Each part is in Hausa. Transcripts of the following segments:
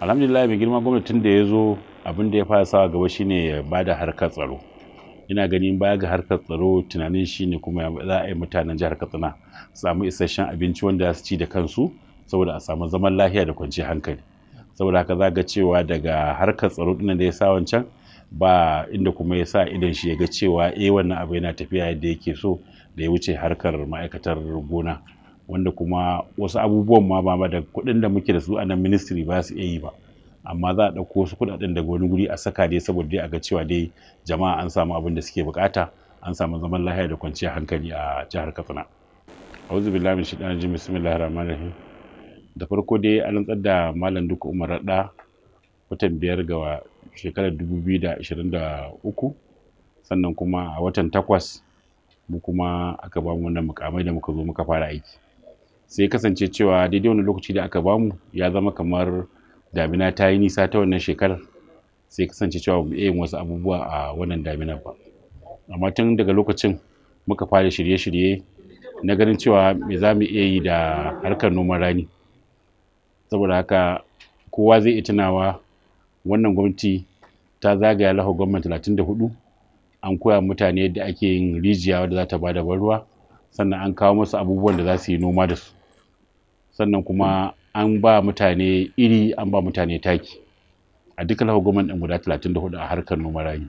alhamdulillah mai girma gwamnatin da ya zo abin da ya fara sawa gaba shine ya bada harkar tsaro ina ganin baya ga harkar tsaro tunanin shine kuma za a yi mutanen jihar katsina samu isasshen abinci wanda za su ci da kansu saboda a samu zaman lafiya da kwanci hankali saboda haka za ga cewa daga harkar tsaro din da ya sa wancan ba inda kuma ya sa idan shi ya ga cewa eh wannan abu yana tafiya yadda yake so da ya wuce harkar ma'aikatar gona wanda kuma wasu abubuwan ma ba da kuɗin da muke da su a nan ministry ba su iya yi ba amma za a ɗauko su kuɗaɗen daga wani guri a saka dai saboda dai a ga cewa dai jama'a an samu abin da suke bukata an samu zaman lahiya da kwanciyar hankali a jihar katsina auzu billahi min shaitanir rajim bismillahir rahmanir rahim da farko dai an rantsar da malam duka umar radda watan biyar ga shekarar 2023 sannan kuma a watan takwas mu kuma aka ba mu wannan mukamai da muka zo muka fara aiki sai kasance cewa daidai wani lokaci da aka bamu ya zama kamar damina ta yi nisa ta wannan shekarar sai kasance cewa mu iya yin wasu abubuwa a wannan damina ba amma tun daga lokacin muka fara shirye-shirye na ganin cewa me za mu iya yi da harkar noman rani saboda haka kowa zai iya tunawa wannan gwamnati ta zagaya lahu gwamnan talatin da hudu an koya mutane yadda ake yin rijiya wadda za ta bada ruwa sannan an kawo masu abubuwan da za su yi noma da su sannan kuma an ba mutane iri an ba mutane taki a duka lafa gwamnan ɗin guda 34 a harkar noma rani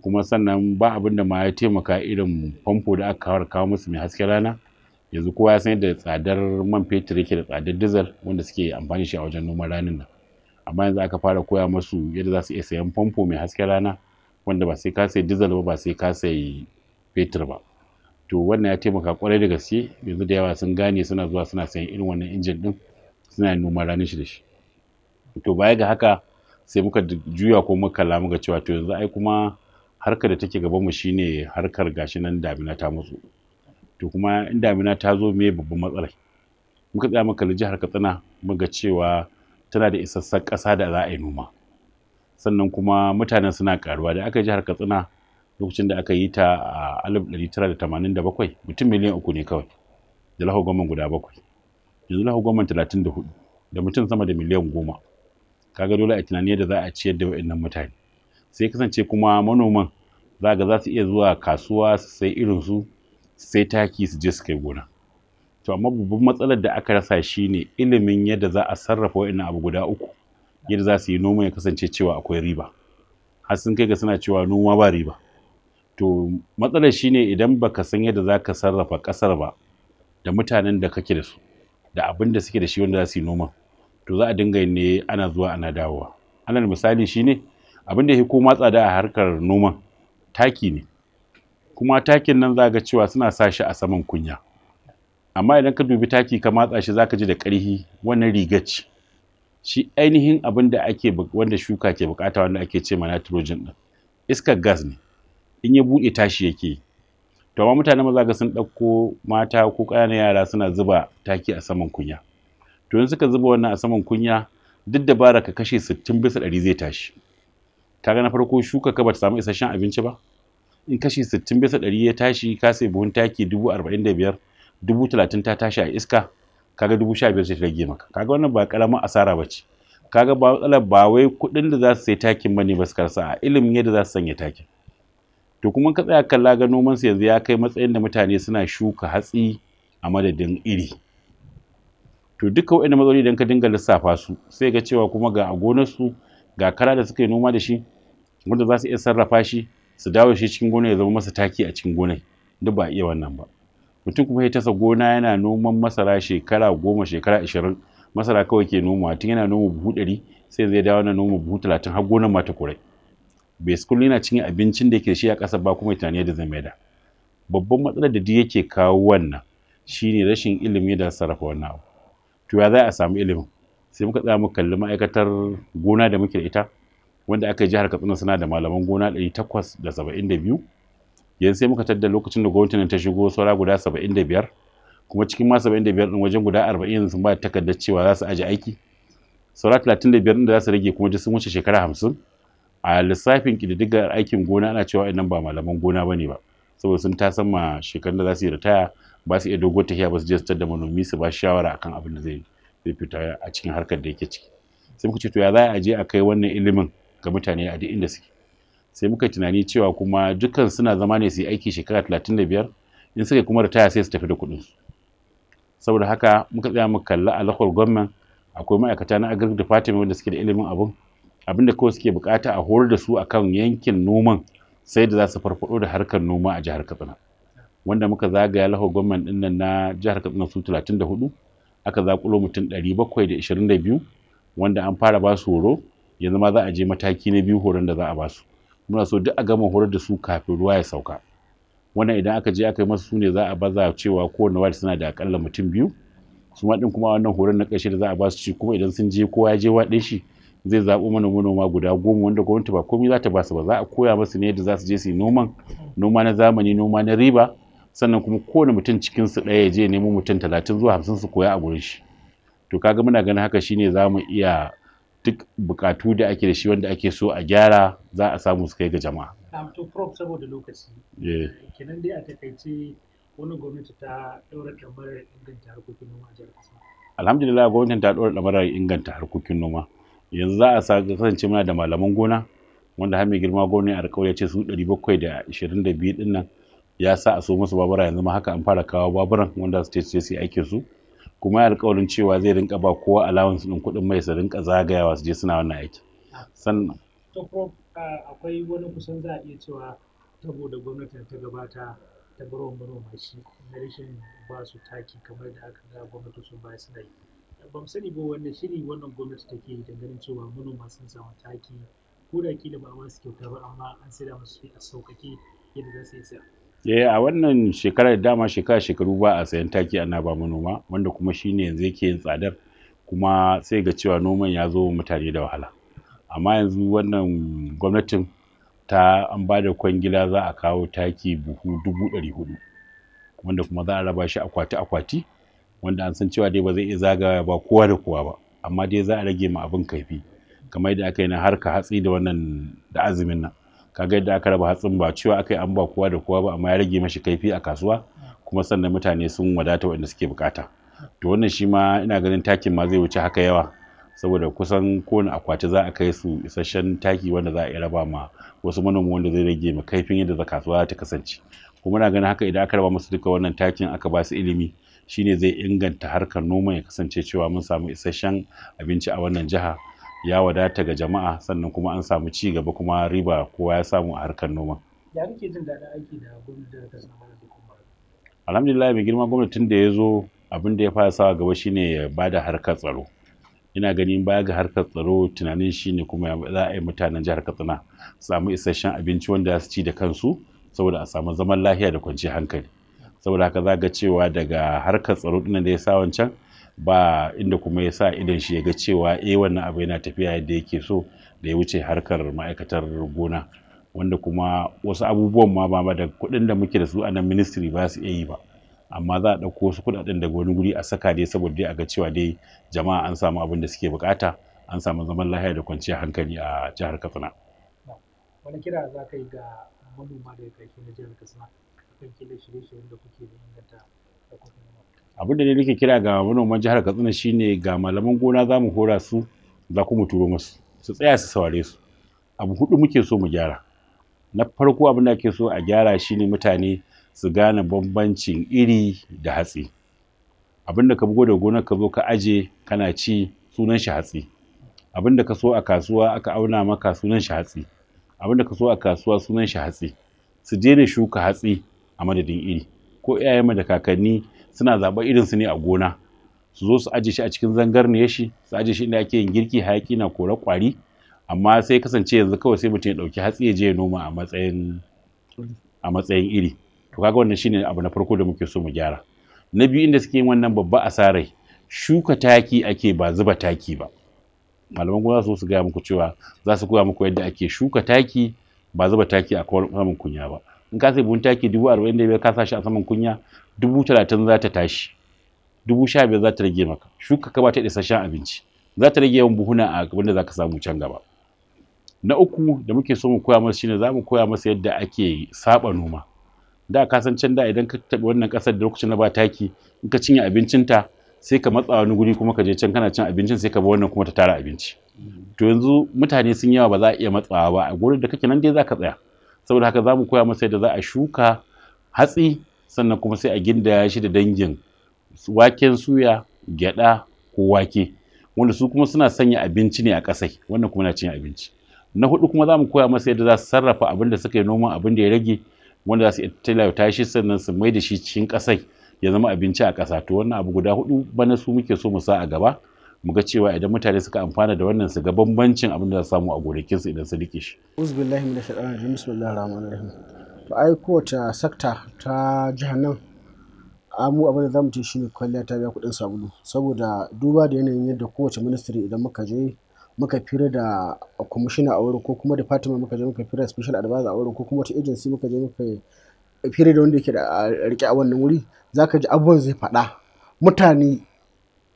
kuma sannan ba abin da ma ya taimaka irin famfo da aka kawo musu mai hasken rana yanzu kowa ya san yadda tsadar man fetur yake da tsadar dizal wanda suke amfani shi a wajen noma ranin nan amma yanzu aka fara koya masu yadda za su iya sayan famfo mai hasken rana wanda ba sai ka sayi dizal ba ba sai ka sayi fetur ba to wannan ya taimaka kwarai da gaske yanzu da yawa sun gane suna zuwa suna sayan irin wannan injin din suna noma ranar shi da shi to baya ga haka sai muka juya ko muka kalla muka cewa to yanzu ai kuma harkar da take gaban mu shine harkar gashi nan damina ta matsu to kuma in damina ta zo me babban matsalar muka tsaya muka jihar katsina muka cewa tana da isassar ƙasa da za a yi noma sannan kuma mutanen suna karuwa da aka jihar katsina lokacin da aka yi ta a 1987 mutum miliyan uku ne kawai da lahu gwamnan guda bakwai yanzu lahu gwamnan 34 da mutum sama da miliyan goma kaga dole a tunani da za a ciyar da waɗannan mutane sai kasance kuma manoman za ga za su iya zuwa kasuwa su sai irin su sai taki su je su kai gona to amma babban matsalar da aka rasa shine ilimin yadda za a sarrafa waɗannan abu guda uku yadda za su yi noma ya kasance cewa akwai riba har sun kai ga suna cewa noma ba riba to matsalar shine idan baka san yadda za ka sarrafa kasar ba da mutanen da kake da su da abin da suke da shi wanda za su yi noma to za a dinga ne ana zuwa ana dawowa ana misali shine abin da ya ko matsa da a harkar noma taki ne kuma takin nan za ga cewa suna sa shi a saman kunya amma idan ka dubi taki ka matsa shi zaka ji da ƙarfi wannan rigaci shi ainihin abin da ake wanda shuka ke bukata wanda ake ce ma nitrogen din iskar gas ne in ya buɗe tashi yake to amma mutane maza ga sun ɗauko mata ko ƙananan yara suna zuba taki a saman kunya to in suka zuba wannan a saman kunya duk dabara ka kashe 60 bisa ɗari zai tashi kaga na farko shuka ka bata samu isasshen abinci ba in kashe 60 bisa ɗari ya tashi ka sai buhun taki 45,000 talatin ta tashi a iska kaga 15,000 sai ta rage maka kaga wannan ba ƙaramin asara ba ce kaga ba ba wai kuɗin da za su sai takin ba ne ba su karsa a ilimin yadda za su sanya takin to kuma ka tsaya kalla ga noman yanzu ya kai matsayin da mutane suna shuka hatsi a madadin iri to duka waɗannan matsaloli idan ka dinga lissafa su sai ga cewa kuma ga a gonar su ga kara da suka yi noma da shi wanda za su iya sarrafa shi su dawo shi cikin gona ya zama masa taki a cikin gonar duk ba a iya wannan ba mutum kuma ya tasa gona yana noman masara shekara goma shekara ashirin masara kawai ke nomawa tun yana noma buhu ɗari sai zai dawo na noma buhu talatin har gonar ma ta kurai bai kullum yana cin abincin da yake shi a ƙasa ba kuma tunani da zai maida babban matsalar da duk yake kawo wannan shine rashin ilimi da sarrafa wannan abu to ya za a samu ilimin sai muka tsaya muka kalli ma'aikatar gona da muke da ita wanda aka yi jihar Katsina suna da malaman gona 872 yanzu sai muka tadda lokacin da gwamnati ta shigo saura guda 75 kuma cikin ma 75 din wajen guda 40 yanzu sun ba takardar cewa za su aje aiki saura 35 din da za su rage kuma duk sun wuce shekara 50 a lissafin ƙididdigar aikin gona ana cewa idan ba malaman gona ba ba saboda sun ta sama shekarun da za su yi ritaya ba su iya dogo tafiya ba su je da manomi su ba shawara akan abin da zai zai fita a cikin harkar da yake ciki sai muka ce to ya za a je a kai wannan ilimin ga mutane a duk inda suke sai muka tunani cewa kuma dukkan suna zama ne su yi aiki shekara talatin da biyar in suka kuma ritaya sai su tafi da kuɗin su saboda haka muka tsaya mu kalla a local akwai ma'aikata na agric department wanda suke da ilimin abun abinda kawai suke bukata a horar da su akan yankin noman sai da za su farfado da harkar noma a jihar katsina wanda muka zagaya lahau gwamnan din nan na jihar katsina su 34 aka zakulo mutum 722 wanda an fara ba su horo yanzu ma za a je mataki na biyu horon da za a ba su muna so duk a gama horar da su kafin ruwa ya sauka wannan idan aka je aka yi masu ne za a baza cewa kowane wadda suna da akalla mutum biyu su ma din kuma wannan horon na ƙarshe da za a ba su ci kuma idan sun je kowa ya je waɗe shi zai zaɓo mana manoma guda goma wanda gwamnati ba komai za ta ba su ba za a koya masu ne yadda za su je su yi noman noma na zamani noma na riba sannan kuma kowane mutum cikin su ɗaya je nemo mutum talatin zuwa hamsin su koya a gurin shi to kaga muna ganin haka shine za mu iya duk bukatu da ake da shi wanda ake so a gyara za a samu su kai ga jama'a. to prof saboda lokaci eh. kenan dai a takaice wani gwamnati ta ɗaura ɗamarar inganta harkokin noma a jihar kasa. alhamdulillah gwamnati ta ɗaura ɗamarar inganta harkokin noma yanzu za a sa kasance muna da malaman gona wanda har mai girma gwamnati alkawari ya ce su 722 din nan ya sa a so musu babura yanzu ma haka an fara kawo baburan wanda su ce su aikin su kuma ya alƙawarin cewa zai rinka ba kowa su din kuɗin mai su rinka zagayawa su je suna wannan aiki sannan to akwai wani kusan za a iya cewa saboda gwamnatin ta gabata ta baro-baro manoma shi na rashin ba su taki kamar da aka ga gwamnati sun ba su yi ba mu sani ba wanne shiri wannan gwamnati take yi ganin cewa manoma sun samu taki ko da kila ba masu kyauta ba amma an saida musu shi a sauƙaƙe yadda za su yi sa. Eh a wannan shekarar dama shekara shekaru ba a sayan taki ana ba manoma wanda kuma shine yanzu yake yin tsadar kuma sai ga cewa noman ya zo mutane da wahala. Amma yanzu wannan gwamnatin ta an ba da kwangila za a kawo taki buhu dubu ɗari hudu wanda kuma za a raba shi akwati akwati wanda an san cewa dai ba zai iya zagaya ba kowa da kowa ba amma dai za a rage ma abin kaifi kamar yadda aka yi na harka hatsi da wannan da azumin nan kaga yadda aka raba hatsin ba cewa aka yi an ba kowa da kowa ba amma ya rage mashi kaifi a kasuwa kuma sannan mutane sun wadata waɗanda suke bukata to wannan shi ma ina ganin takin ma zai wuce haka yawa saboda kusan kowane akwati za a kai su isasshen taki wanda za a iya raba ma wasu manoma wanda zai rage ma kaifin yadda kasuwa ta kasance kuma na ganin haka idan aka raba musu duka wannan takin aka ba su ilimi shine zai inganta harkar noma ya kasance cewa mun samu isasshen abinci a wannan jiha ya wadata ga jama'a sannan kuma an samu ci gaba kuma riba kowa ya samu a harkar noma ya kake jin gwamnati alhamdulillah mai girma gwamnatin da ya zo abin da ya fara sawa gaba shine ya bada harkar tsaro ina ganin baya ga harkar tsaro tunanin shine kuma za a yi mutanen jihar katsina samu isasshen abinci wanda za su ci da kansu saboda a samu zaman lafiya da kwanci hankali saboda haka za ga cewa daga harkar tsaro ɗin da ya sa wancan ba inda kuma ya sa idan shi ya ga cewa eh wannan abu yana tafiya yadda yake so da ya wuce harkar ma'aikatar gona wanda kuma wasu abubuwan ma ba da kuɗin da muke da su a nan ministry ba su iya yi ba amma za a ɗauko wasu kuɗaɗen daga wani guri a saka dai saboda dai a ga cewa dai jama'a an samu abin da suke bukata an samu zaman lahiya da kwanciyar hankali a jihar katsina wani kira za ka yi ga manoma da na jihar katsina abin da ne nake kira ga manoman jihar katsina shine ga malaman gona za mu hora su za mu turo musu su tsaya su saware su abu hudu muke so mu gyara na farko abin da ake so a gyara shine mutane su gane bambancin iri da hatsi abinda ka bugo da gonar ka zo ka aje kana ci sunan shi hatsi abinda ka so a kasuwa aka auna maka sunan shi hatsi abinda ka so a kasuwa sunan shi hatsi su daina shuka hatsi a madadin iri ko iyayenmu da kakanni suna irin su ne a gona su zo su aje shi a cikin zangar ne shi su aje shi inda ake yin girki hayaki na kore kwari amma sai kasance yanzu kawai sai mutum ya ɗauki hatsi ya je ya noma a matsayin a matsayin iri to kaga wannan shine abu na farko da muke so mu gyara na biyu inda suke yin wannan babba asarai shuka taki ake ba zuba taki ba malaman gona su su gaya muku cewa za su koya muku yadda ake shuka taki ba zuba taki a kawar samun kunya ba in ka sai buhun taki dubu arba'in da biyar ka sa shi a saman kunya dubu talatin za ta tashi dubu sha biyar za ta rage maka shuka ka ba ta isasshen abinci za ta rage yawan buhuna a abin da za ka samu can gaba na uku da muke so mu koya masa ne za mu koya masa yadda ake saba noma da ka san can da idan ka taɓa wannan ƙasar da lokacin na ba taki in ka cinye abincinta sai ka matsa wani guri kuma ka je can kana cin abincin sai ka bi wannan kuma ta tara abinci to yanzu mutane sun yawa ba za a iya matsawa ba a gurin da kake nan dai za ka tsaya saboda haka za mu koya masa yadda za a shuka hatsi sannan kuma sai a ginda shi da dangin waken suya gyada ko wake wanda su kuma suna sanya abinci ne a ƙasai, wannan kuma na cin abinci na hudu kuma za mu koya masa yadda za su sarrafa abin da suka yi noma abin da ya rage wanda za su iya talauta shi sannan su mai da shi cikin ƙasai ya zama abinci a ƙasa to wannan abu guda hudu bana su muke so mu sa a gaba mu ga cewa idan mutane suka amfana da wannan su ga bambancin abin da za su samu a gonakin su idan su rike shi uzbillahi min shaitanir rajim bismillahir rahmanir rahim to ai kowace sakta ta jihar nan amu abin da zamu ce shine kwalliya ta biya kuɗin sabulu saboda duba da yanayin yadda kowace ministry idan muka je muka fira da commissioner a wurin ko kuma department muka je muka fira special advisor a wurin ko kuma wata agency muka je muka fira da wanda yake da rike a wannan wuri zaka ji abubuwan zai faɗa mutane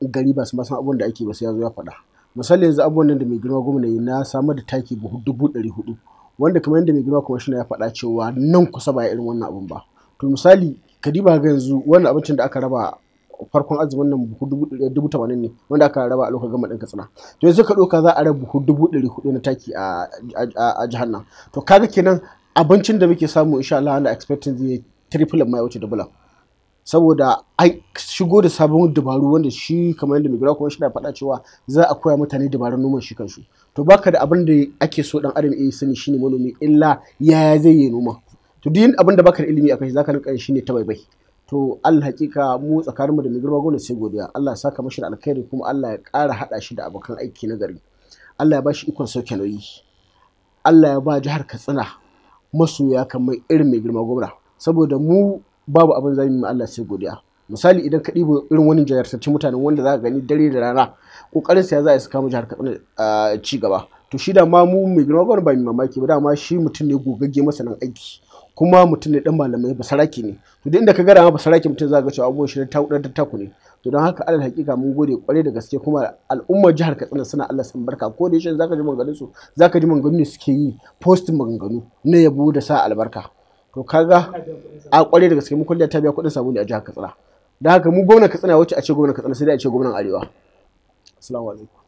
gari ba su ma abubuwan da ake ba sai ya zo ya faɗa misali yanzu abubuwan nan da mai girma gwamna yi na samar da taki buhu dubu ɗari hudu wanda kamar yadda mai girma kwamishina ya faɗa cewa nan kusa ba irin wannan abun ba to misali kadiba ga yanzu wannan abincin da aka raba farkon azumin nan buhu dubu tamanin ne wanda aka raba a lokacin gama ɗin katsina to yanzu ka ɗauka za a raba buhu dubu ɗari hudu na taki a jihar nan to kaga kenan abincin da muke samu insha Allah ana expecting zai triple mai wuce double saboda ai shigo da sabon dabaru wanda shi kamar yadda mai kuma shi na faɗa cewa za a koya mutane dabarun noman shi kansu to baka da abin da ake so dan adam ya sani shine manomi illa yaya zai yi noma to duk abin da baka da ilimi akai zaka rinka shine ta baibai to Allah hakika mu tsakanin mu da mai girma sai godiya Allah ya saka mashi da kuma Allah ya ƙara hada shi da abokan aiki na gari Allah ya bashi ikon sauke nauyi Allah ya ba jihar Katsina masoya kamar irin mai girma gobra saboda mu babu abin zai mu Allah sai godiya misali idan ka ɗibo irin wani jartarci mutane wanda za ka gani dare da rana kokarin sa za a kama mu jihar Katsina ci gaba to shi da ma mu mai girma ba mai mamaki ba dama shi mutum ne gogagge masanin aiki kuma mutum ne dan malamai saraki ne to duk inda ka gara ma saraki mutum za ga cewa abubuwan shi ta da taku ne to don haka alal hakika mun gode kwarai da gaske kuma al'ummar jihar Katsina suna Allah san barka ko da yake zaka ji maganganu su zaka ji maganganu suke yi postin maganganu na yabo da sa albarka to kaga a kware da gaske mun kulle ta biya kudin sabulu a jihar Katsina da haka mu gwamnan Katsina wacce a ce gwamnan Katsina sai dai a ce gwamnatin Arewa assalamu alaikum